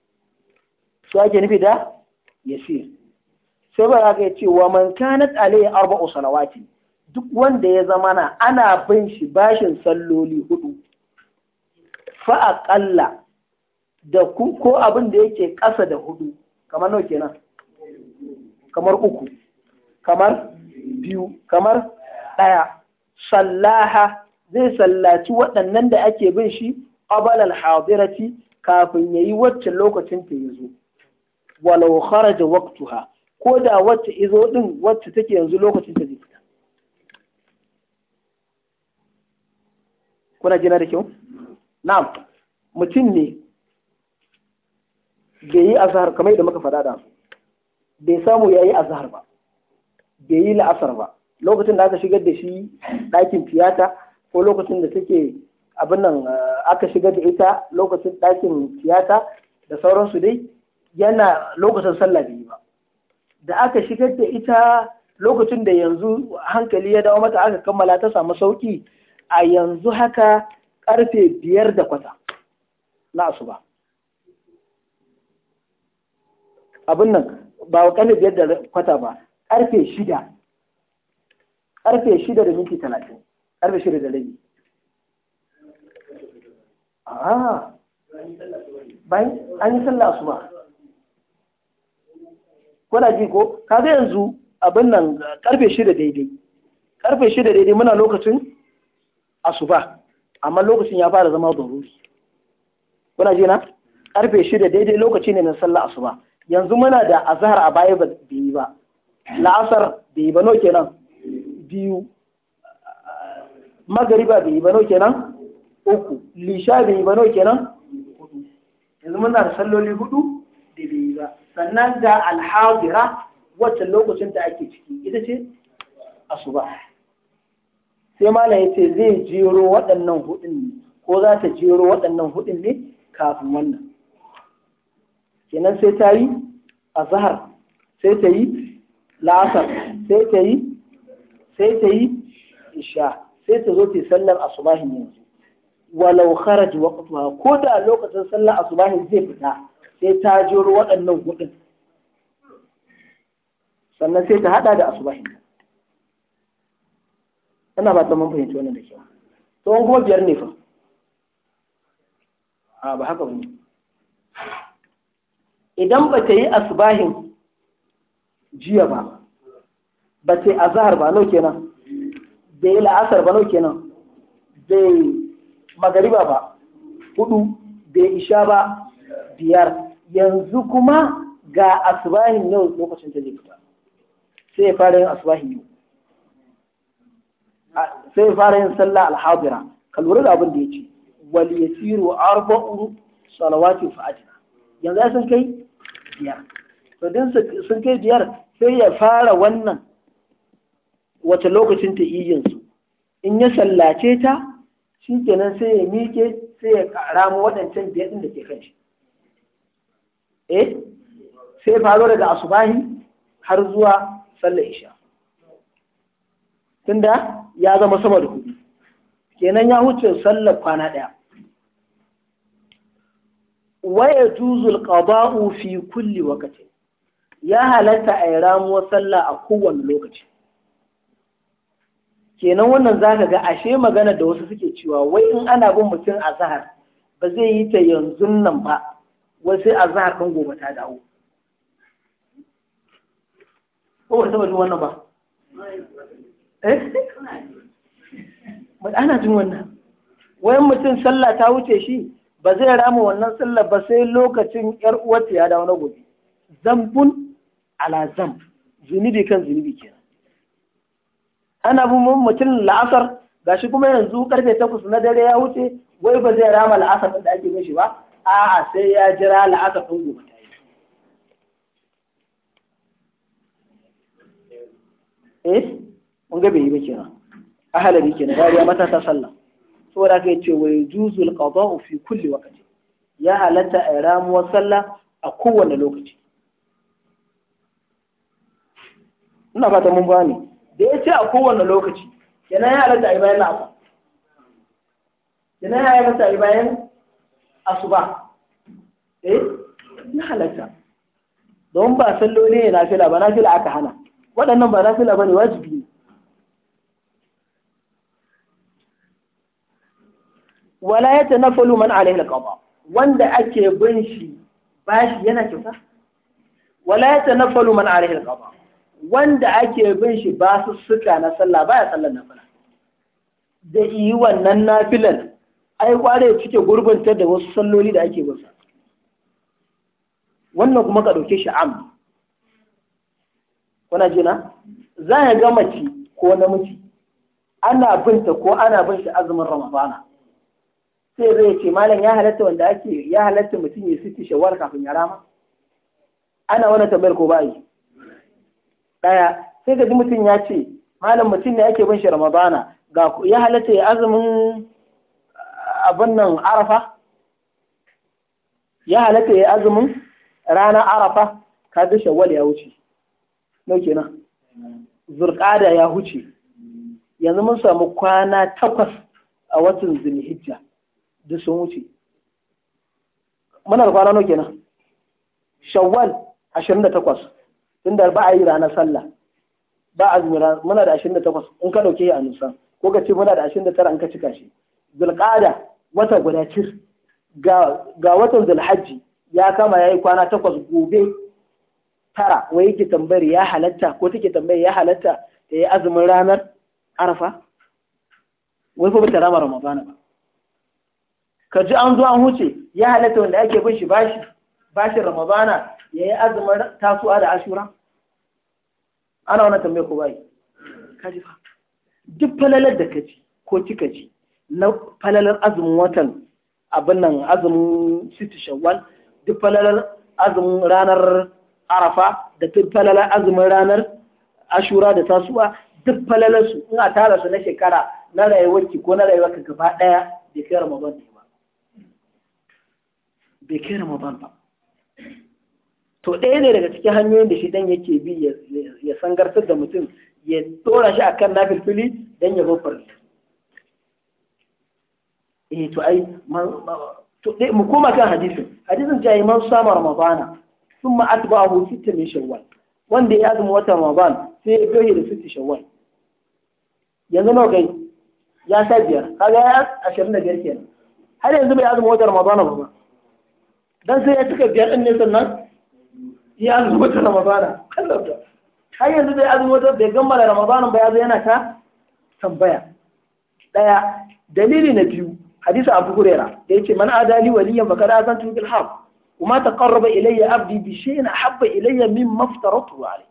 su ake nufi da yasir sai ba za ka yi cewa man kanat alayhi arba'u salawati duk wanda ya zama na ana bin shi bashin salloli hudu fa aƙalla da ku ko abin da yake ƙasa da hudu kamar nau kamar uku kamar biyu kamar ɗaya sallaha zai sallaci waɗannan da ake bin shi qabala hadirati kafin yi wacce lokacin ta yazo walau kharaja waqtuha ko da wacce izo ɗin wacce take yanzu lokacin ta zai kuna jina da kyau na'am mutum ne bai yi azhar kamar yadda muka faɗa da bai samu ya yi azhar ba bai yi la'asar ba lokacin da aka shigar da shi ɗakin tiyata ko lokacin da take abin nan eh, aka shigar da ita lokacin ɗakin tiyata da sauransu dai yana lokacin sallah bai ba da aka shigar da ita lokacin da yanzu hankali ya dawo mata aka kammala ta samu sauki a yanzu haka karfe biyar da kwata na asuba abin nan ba karfe biyar da kwata ba karfe shida Ƙarfe shida da minti talatin ƙarfe shida da rabi ah bayan an yi sallah asuba kuna ji ko kaga yanzu abin nan ƙarfe shida daidai Ƙarfe shida daidai muna lokacin asuba amma lokacin ya fara zama daruri kuna ji na ƙarfe shida daidai lokaci ne na sallah asuba yanzu muna da azhar a baya bai yi ba la'asar bai yi ba no kenan biyu magariba bai yi ba nau kenan uku lisha bai yi ba nau kenan yanzu muna da salloli hudu da bai yi ba sannan ga alhazira wacce lokacin da ake ciki ita ce asuba sai malam ya ce zai jero waɗannan hudun ne ko za ta jero waɗannan hudun ne kafin wannan kenan sai ta yi azhar sai ta yi la'asar sai ta yi sai ta yi isha sai ta zo ta yi sallar asubahin yanzu walau kharaj waqtuha ko da lokacin sallar asubahin zai fita sai ta jiro waɗannan hudun sannan sai ta hada da asubahin ana ba ta mun fahimci wannan da kyau to an kuma biyar ne fa a ba haka bane idan ba ta yi asubahin jiya ba ba ce a zahar ba nau kenan bai yi la'asar ba nau kenan bai magariba ba hudu bai isha ba biyar yanzu kuma ga asubahin yau lokacin da zai fita sai ya fara yin asubahin yau sai ya fara yin sallah alhadira ka lura da abin da ya ce wal yasiru arba'u salawati fa ajna yanzu sun kai biyar to din sun kai biyar sai ya fara wannan wata lokacin ta su in ya sallace ta shi kenan sai ya miƙe sai ya ƙara waɗancan biyar da ke kan shi eh sai faro daga asubahi har zuwa sallar isha tunda ya zama sama da kuɗi. kenan ya wuce sallar kwana ɗaya waya juzul qada'u fi kulli waqtin ya halatta a ramuwar sallah a kowane lokaci kenan wannan za ka ga ashe magana da wasu suke cewa wai in ana bin mutum a zahar ba zai yi ta yanzu nan ba wai sai a zahar kan gobe ta dawo ko ba taba jin wannan ba eh ana jin wannan wai mutum sallah ta wuce shi ba zai rama wannan sallah ba sai lokacin yar uwarta ya dawo na gobe zambun ala zamb zunubi kan zunubi kenan ana bin mutum la'asar gashi kuma yanzu karfe takwas na dare ya wuce wai ba zai rama la'asar da ake mishi ba a'a sai ya jira la'asar ɗin gobe ta yi eh mun ga bai yi ba kenan ahalabi kenan dariya mata ta sallah saboda kai ce wai juzul qada'u fi kulli waqti ya halatta a ramuwar sallah a kowane lokaci ina fata mun bani da ya ce a kowane lokaci kenan ya halatta a yi bayan abu kenan ya halatta a yi bayan asuba eh ya halatta don ba salloli ne na fila ba na fila aka hana waɗannan ba na fila ba ne wajibi ne wala ya tanafalu man alaihi alqada wanda ake bin shi bashi yana kyauta wala ya tanafalu man alaihi alqada wanda ake bin shi ba su suka na sallah baya sallar fara da yi wannan filan, ai kware cike gurbinta da wasu salloli da ake wasa wannan kuma ka ɗauke shi am kuna jina za ya ga mace ko namiji ana binta ko ana bin shi azumin ramadana sai zai ce malam ya halatta wanda ake ya halatta mutum ya siti shawar kafin ya rama ana wani tambayar ko bayi. yi ɗaya sai ka ji mutum ya ce malam mutum ne ake bin shi ramadana ga ya halatta ya azumin abin nan arafa ya halatta ya azumin ranar arafa ka ga shawwal ya wuce nau kenan zurƙada ya huce yanzu mun samu kwana takwas a watan zulhijja da sun wuce muna da kwana nau kenan shawwal ashirin da takwas tunda ba a yi ranar sallah ba azumi muna da 28 in ka dauke a nusa ko ka ce muna da 29 in ka cika shi zulqada wata guda cir ga ga watan zulhajji ya kama yayi kwana takwas gobe tara wai yake tambayar ya halatta ko take tambayar ya halatta ta yi azumin ranar arafa wai fa bata rama ramadana ba ka ji an zo an huce ya halatta wanda ake bin shi bashi bashin ramadana ya yi azumin tasuwa da ashura ana wani tambaye ko bai kaji fa duk falalar da kaji ko kika ji na falalar azumin watan abin nan azumin siti shawwal duk falalar azumin ranar arafa da duk falalar azumin ranar ashura da tasuwa duk falalar su in a tara su na shekara na rayuwarki ko na rayuwarka gaba daya bai kai ramadan ne ba bai kai ramadan ba to ɗaya ne daga cikin hanyoyin da shi dan yake bi ya sangartar da mutum ya tsora shi akan nafilfili don ya gofar eh to ai to dai mu koma kan hadisin hadisin ai man sama ramadana thumma atba'ahu sittan min shawwal wanda ya azumi watan ramadan sai ya goye da sittan shawwal yanzu nawa kai ya sa biyar kaga ya ashirin da biyar kenan har yanzu bai azumi watan ramadan ba dan sai ya cika biyar din ne sannan ya azumi wata ramadana kallauta har yanzu zai azumi bai gammala ramadana ba ya zo yana ta tambaya daya dalili na biyu hadisi abu hurera da yake man adali waliyan fa kada azan tu bil haq وما تقرب إلي عبدي habba ilayya min maftaratu افترضته عليه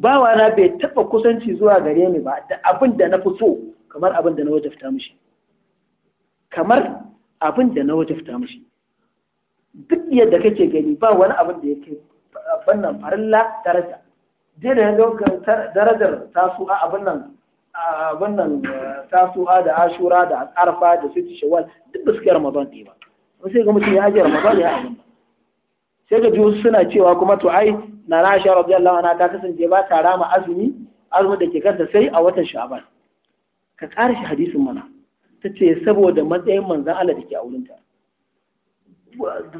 bawa na bai taba kusanci zuwa gare ni ba da abin da na fi so kamar abin da na wajafta mishi kamar abin da na wajafta mishi duk yadda kake gani ba wani abin da yake fannin farilla daraja je da ga darajar tasu'a abin nan abin nan tasu'a da ashura da arfa da sitti shawal duk ba su kai ramadan ɗaya ba sai ga mutum ya ajiye ramadan ya abin sai ga jihohi suna cewa kuma to ai na rasha radiyallahu anha ta kasance ba ta rama azumi azumin da ke kanta sai a watan sha'aban ka ƙara shi hadisin mana ta ce saboda matsayin manzan Allah da ke a wurinta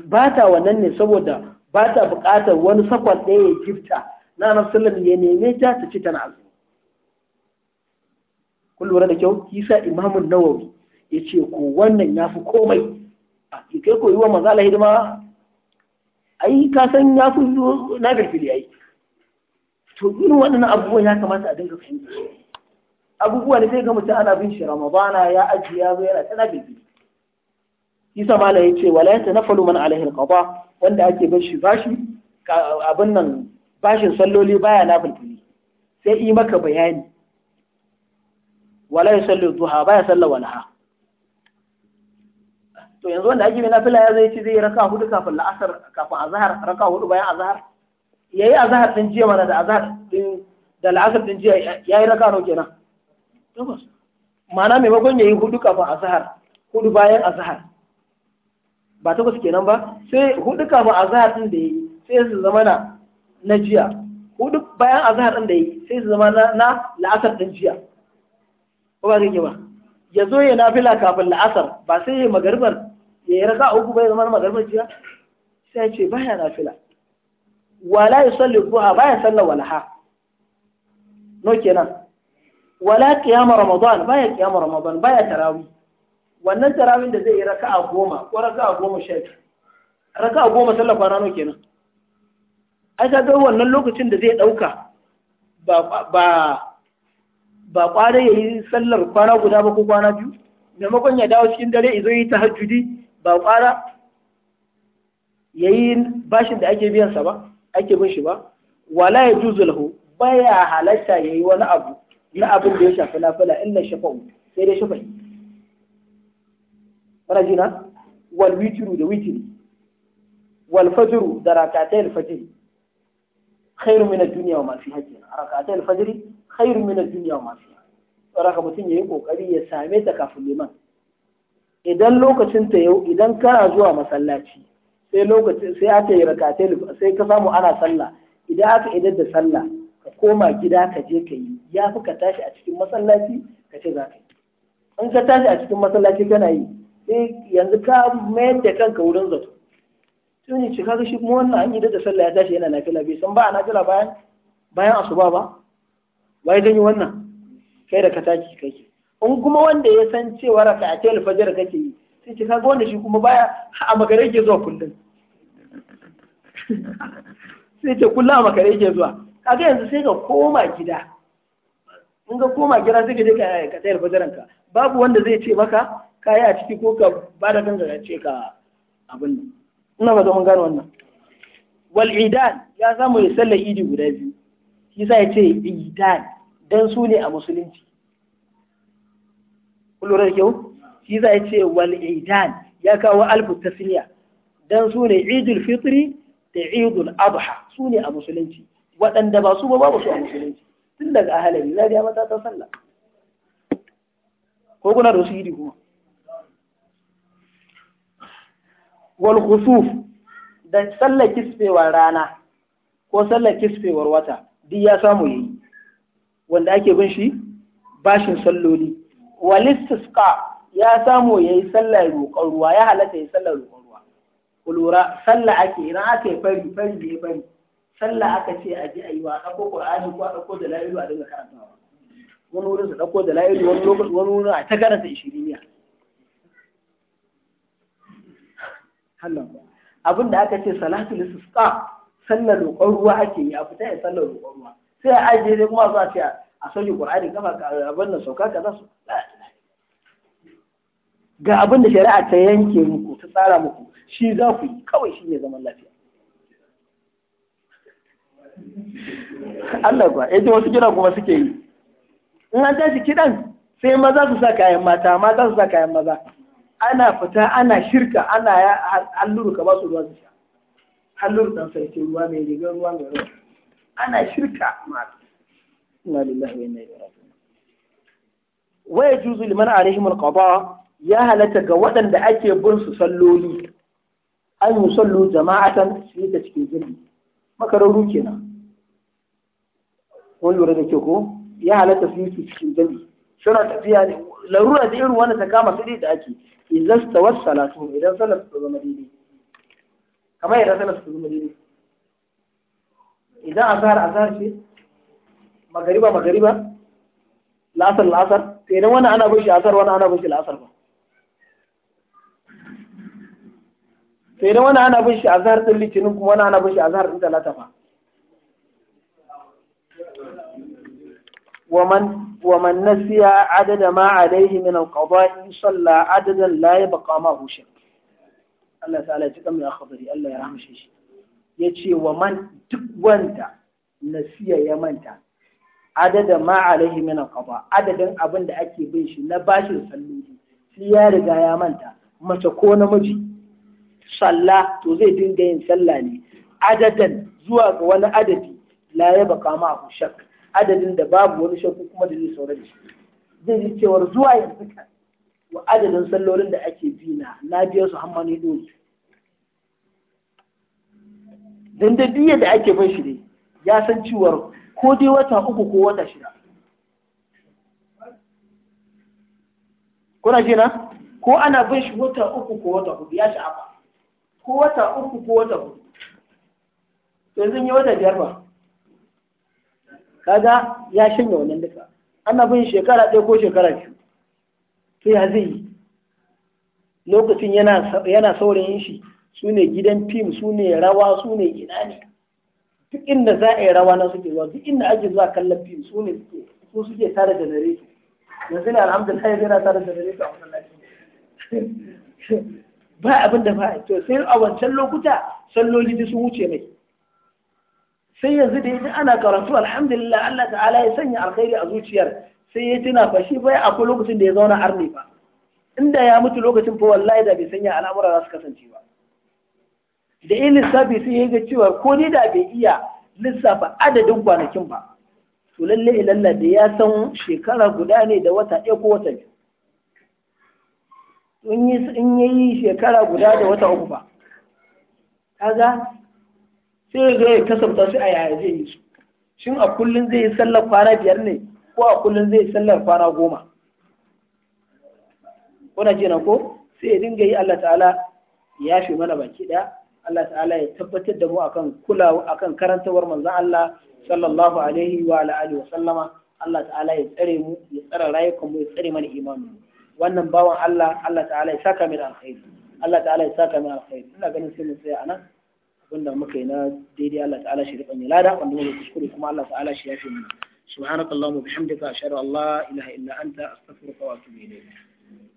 ba ta wannan ne saboda ba ta buƙatar wani sakon ɗaya ya gifta na nan sallam ya neme ta ta ci tana azumi kun lura da kyau kisa imamun nawawi ya ce ko wannan ya fi komai a kai ko yi wa maza Allah hidima ai ka san ya fi na ya yi to irin waɗannan abubuwan ya kamata a dinga fahimta abubuwa da sai ga mutum ana bin shi ramadana ya ajiye ya zo yana tana filfili isa mala ya ce wala ta nafalu man alaihi alqada wanda ake bashi bashi abin nan bashin salloli baya na fulfuli sai yi maka bayani wala ya sallu duha baya salla walaha to yanzu wanda ake na fila ya zai ci zai raka hudu kafin la'asar kafin azhar raka hudu bayan azhar yayi azhar din jiya mana da azhar din da la'asar din jiya yayi raka nawa kenan tabbas ma'ana maimakon yayi hudu kafin azhar hudu bayan azhar ba takwas kenan ba sai hudu kafin Azahar din da yi sai su zama na na jiya hudu bayan Azahar din da yi sai su zama na la'asar din jiya ko ba kake ba ya zo ya nafila kafin la'asar ba sai ya magarbar ya yi raka uku bai zama magarbar jiya sai ce baya nafila wala yusalli duha baya sallar Walha, no kenan wala qiyam ramadan baya qiyam ramadan baya tarawih wannan tarawin da zai yi raka'a goma ko raka'a goma sha biyu raka'a goma sallar kwana nawa kenan ai ka ga wannan lokacin da zai dauka ba ba ba yi sallar kwana guda ba ko kwana biyu maimakon ya dawo cikin dare izo yi tahajjudi ba ya yi bashin da ake biyan ba ake bin shi ba wala ya juzu lahu baya halatta yi wani abu na abin da ya shafi lafala illa shafa'u sai dai shafa'i kana jina wal witru da witiri, wal fajru da rakatai al fajr khairu min ad-dunya wa ma fiha kenan rakatai al fajr khairu min ad-dunya wa ma fiha raka mutum yayi kokari ya same ta kafin liman idan lokacin ta yau idan kana zuwa masallaci sai lokacin sai aka yi rakatai sai ka samu ana sallah idan aka idar da sallah ka koma gida ka je ka yi ya fi ka tashi a cikin masallaci ka ce za ka yi in ka tashi a cikin masallaci kana yi sai yanzu ka mayar da kanka wurin zato sai ne cika kaga shi kuma wannan an yi da sallah ya tashi yana nafila bai san ba a nafila bayan bayan asuba ba wai dan yi wannan kai da ka kake in kuma wanda ya san cewa tel fajr kake yi sai ce kaga wanda shi kuma baya a makare yake zuwa kullum sai ce kullum a makare yake zuwa kaga yanzu sai ka koma gida in ka koma gida sai ka je ka tsayar fajaranka babu wanda zai ce maka ka yi a ciki ko ka ba da kanka ka ce ka abin nan ina ba mun gano wannan wal idan ya samu ya sallar idi guda biyu shi sa ya ce idan dan su ne a musulunci kullum da kyau shi sa ya ce wal idan ya kawo alfu tasniya dan su ne idul fitri da idul adha su ne a musulunci waɗanda ba su ba babu su a musulunci tun daga ahalari zariya mata ta sallah ko kuna da su idi kuma wal khusuf da sallar kisfewar rana ko sallar kisfewar wata duk ya samu yi. wanda ake bin shi bashin salloli wal istisqa ya samu yayi sallar roƙon ruwa ya halatta yayi sallar roƙon ruwa ku lura sallah ake idan aka yi fari fari da fari sallah aka ce a ji a yi wa ɗauko ƙur'ani ko a ɗauko da la'ilu a dinga karantawa wani wurin su ɗauko da la'ilu wani lokaci wani wurin a ta karanta ishiriniya sallan abin da aka ce salatu lissuqa sallar roƙon ruwa ake yi a fita ya sallar roƙon ruwa sai a ajiye dai kuma zuwa ce a sauke qur'ani kafa abin nan sauka za su ga abin da shari'a ta yanke muku ta tsara muku shi za ku yi kawai shi ne zaman lafiya Allah kuwa yaje wasu kiran kuma suke yi in an tashi kiɗan sai maza su sa kayan mata mata su sa kayan maza ana fita ana shirka ana ya halluru ka ba su ruwa su sha halluru dan sai ce ruwa mai riga ruwa mai ruwa ana shirka ma inna lillahi wa inna ilaihi raji'un wa yajuzu liman alaihim alqada ya halaka ga waɗanda ake bin su salloli an yi sallu jama'atan su yi ta cikin jirgi makararru kenan wani lura da ke ko ya halatta su yi su cikin jirgi suna tafiya ne larura da irin wani ta kama su da ake idan su tawar su idan salar su zama daidai kamar idan salar su zama daidai idan azhar azhar ce magariba magariba la'asar la'asar to idan wani ana bashi asar wani ana bashi la'asar ba to idan wani ana bashi azhar din litinin kuma wani ana bashi azhar din talata ba ومن ومن نسي عدد ما عليه من القضاء صلى عددا لا يبقى معه شيء الله تعالى تكم يا خضري الله يرحم شيشي يجي ومن تقوانت نسي يمنت عدد ما عليه من القضاء عدد أبن أكي بيش نباشر سلوه رجا يا منت ما تكون مجي صلى تو زي دين صلى لي عددا زوا ولا عددي لا يبقى معه شك adadin da babu wani shakku kuma da zai saura da shi zai ji cewar zuwa yanzu kan wa adadin sallolin da ake bi na na biyar su hamma ne dole don da biya da ake bai shi ne ya san cewar ko dai wata uku ko wata shida kuna jina ko ana bin shi wata uku ko wata hudu ya sha'afa ko wata uku ko wata hudu yanzu yi wata biyar ba kaga ya shanya wannan duka ana bin shekara ɗaya ko shekara biyu to ya zai yi lokacin yana saurayin shi su ne gidan fim su ne rawa su ne ina ne duk inda za a yi rawa na suke zuwa duk inda ake zuwa kallon fim su ne ko su suke tare da dare yanzu ne alhamdulillah yana tare da dare a wannan lafiya ba abin da ba to sai a wancan lokuta salloli da sun wuce mai sai yanzu da yaji ana karatu alhamdulillah Allah ta'ala ya sanya alkhairi a zuciyar sai ya tuna fa shi bai akwai lokacin da ya zauna arni ba inda ya mutu lokacin fa wallahi da bai sanya al'amura za su kasance ba da yi lissafi sai ya ga cewa ko ni da bai iya lissafa adadin kwanakin ba to lalle ilalla da ya san shekara guda ne da wata ɗaya ko wata biyu in yi shekara guda da wata uku ba kaga sai ya zo ya kasafta su a yaya zai yi su shin a kullum zai yi sallar kwana biyar ne ko a kullum zai yi sallar kwana goma kuna jina ko sai ya dinga yi Allah ta'ala ya fi mana baki daya Allah ta'ala ya tabbatar da mu akan kulawa akan karantawar manzon Allah sallallahu alaihi wa alihi wa sallama Allah ta'ala ya tsare mu ya tsare rayukan mu ya tsare mana imani wannan bawan Allah Allah ta'ala ya saka mu da alkhairi Allah ta'ala ya saka mu alkhairi ina ganin sai mu tsaya nan. wanda muka yi na daidai Allah ta'ala shi riƙon lada wanda muka kuskure kuma Allah ta'ala shi ya fi mana mu bihamdika ashhadu an la ilaha illa anta astaghfiruka wa atubu ilayk